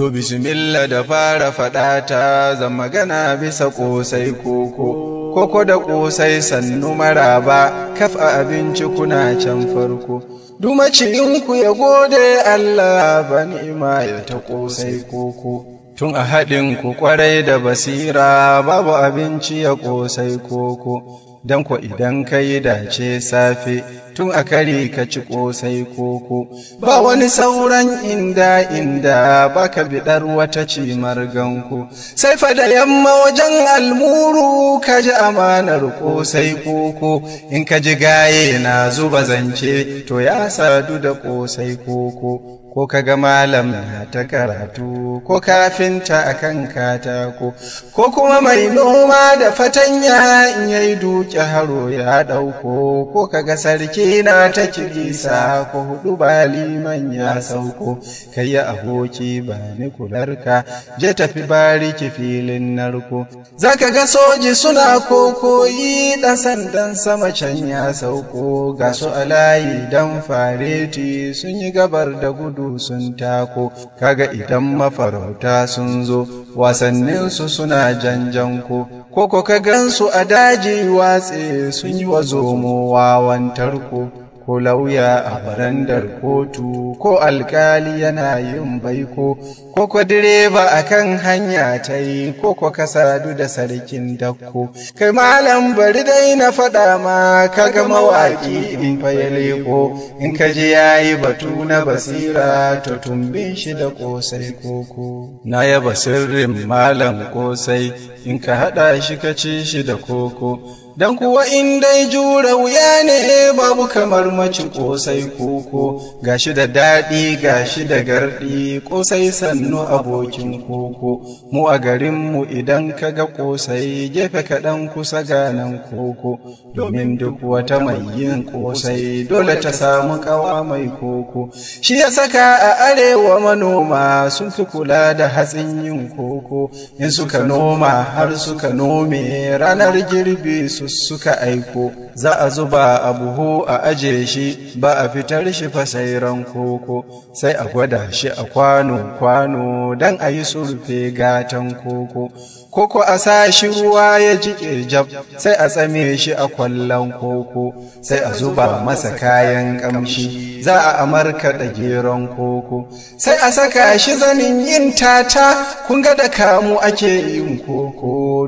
To bismillah da fara faɗa ta zan magana bisa ƙosai koko, koko da ƙosai sannu maraba, a abinci kuna can farko. Dumacinku ya gode Allah ba ni'ima ya ta ƙosai koko. Tun a haɗin ku ƙwarai da basira babu abinci ya ƙosai koko. don ko idan ka yi dace safe tun a kare ka ci ƙosai koko ba wani sauran inda inda baka biɗar wata cimar ganko sai fada yamma wajen almuru ka ji amanar ƙosai koko in ka ji gaye na zuba zance to ya sadu da ƙosai koko ko ka ga malam na ta karatu ko kafinta a kan katako ko kuma mai noma da fatanya in yi duki haro ya ɗauko ko ka ga sarki na ta kirisa ko hudu ba liman ya sauko ka yi aboki ba ni kularka je tafi bariki filin narko za ka ga soji suna kokoyi ɗan sandan sama can ya sauko ga su alayi dan fareti sun yi gabar da gudu hannu sun tako kaga idan mafarauta sun zo wasanninsu suna janjanko koko ka gansu a daji watse sun yi wa zomo wawan ko lauya a barandar kotu ko alkali yana yin baiko ko kwa direba a kan hanya ta yi ko kwa ka sadu da sarkin dakko kai malam bari dai na faɗa ma ka ga mawaƙi in fa ya in ka je ya yi batu na basira to tumbin shi da ƙosai koko na yaba sirrin malam ƙosai in ka haɗa shi ka ci shi da koko dan kuwa in dai jura wuya ne babu kamar mace kosai koko gashi da daɗi gashi da garɗi kosai sannu abokin koko mu a garinmu idan ka ga kosai gefe kaɗan kusa ganan koko domin duk wata mai yin kosai dole ta samu ƙawa mai koko shi ya saka a arewa manoma sun fi kula da hatsin yin koko in suka noma har suka nome ranar girbi su suka aiko za a zuba a buhu a aje shi ba a fitar shi fasairan koko sai a gwada shi a kwano-kwano don a yi surfe gatan koko koko a sa shi ruwa ya ji ƙirjab sai a tsame shi a kwallon koko sai a zuba masa kayan kamshi, za a amarka da geron koko sai a saka shi zanin yin tata kun ga da kamu ake yin koko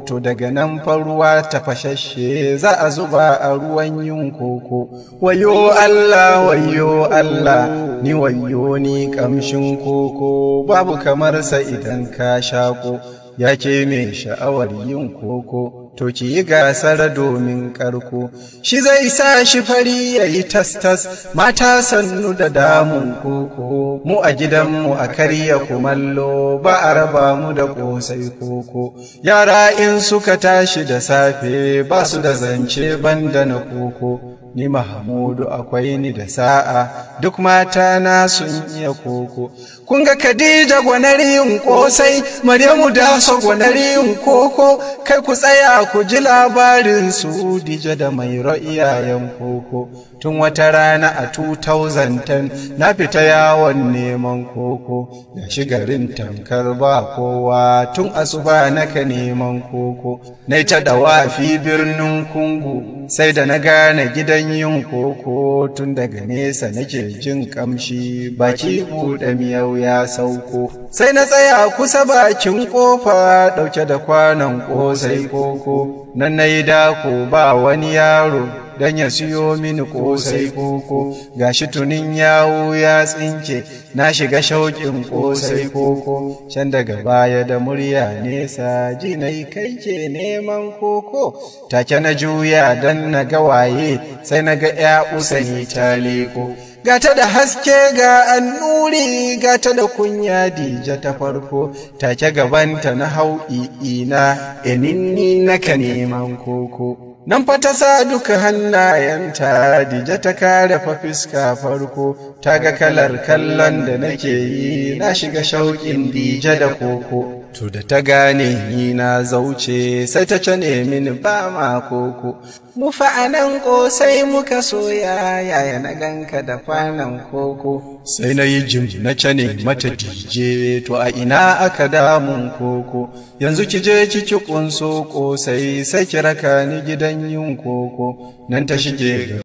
to daga nan faruwa ta fashashe za a zuba a ruwan yin koko wayo Allah wayo Allah ni wayo ni kamshin koko babu kamar sa idan ka shako yake mai sha'awar yin koko to ki yi gasar domin karko shi zai sa shi fari ya yi tastas mata sannu da damun koko mu a gidanmu a karya kumallo ba a raba mu da ƙosai koko yara in suka tashi da safe ba su da zance banda na koko ni Mahamudu akwai ni da sa'a duk mata na sun iya koko. Kun ga Khadija gwanar yin kosai, Maryamu da so gwanar yin koko, kai ku tsaya ku ji labarin su dija da mai ra'iyayen koko tun wata rana a 2010 na fita yawon neman koko da shigarin tankar ba kowa tun asuba naka neman koko na ta dawafi birnin kungu sai da na gane gidan yin koko tun daga nesa nake jin kamshi baki buɗe miyau ya sauko sai na tsaya kusa bakin kofa ɗauke da kwanon ƙosai koko nan na yi dako ba wani yaro dan ya siyo mini ƙosai koko gashi tunin yawo ya tsinke na shiga shauƙin ƙosai koko can daga baya da murya nesa jinai kai ke neman koko take na juya don na ga waye sai na ga ya usani ta leko gata da haske ga nuri gata da kunya dija ta farko take gabanta na hauiina i'ina eninni naka neman koko Nan fa ta sa duka hannayenta, dija ta kare fa fiska farko, ta ga kalar kallon da nake yi, na shiga shauƙin dija da koko. To da ta gane ni na zauce sai ta cane mini ba ma koko. Mu fa'anan sai muka soya yaya na ganka da kwanan koko. Sai na yi jim na ne mata dije to a ina aka damun koko. Yanzu ki je ki ƙunso ƙosai sai ki raka ni gidan yin koko. Nan ta shige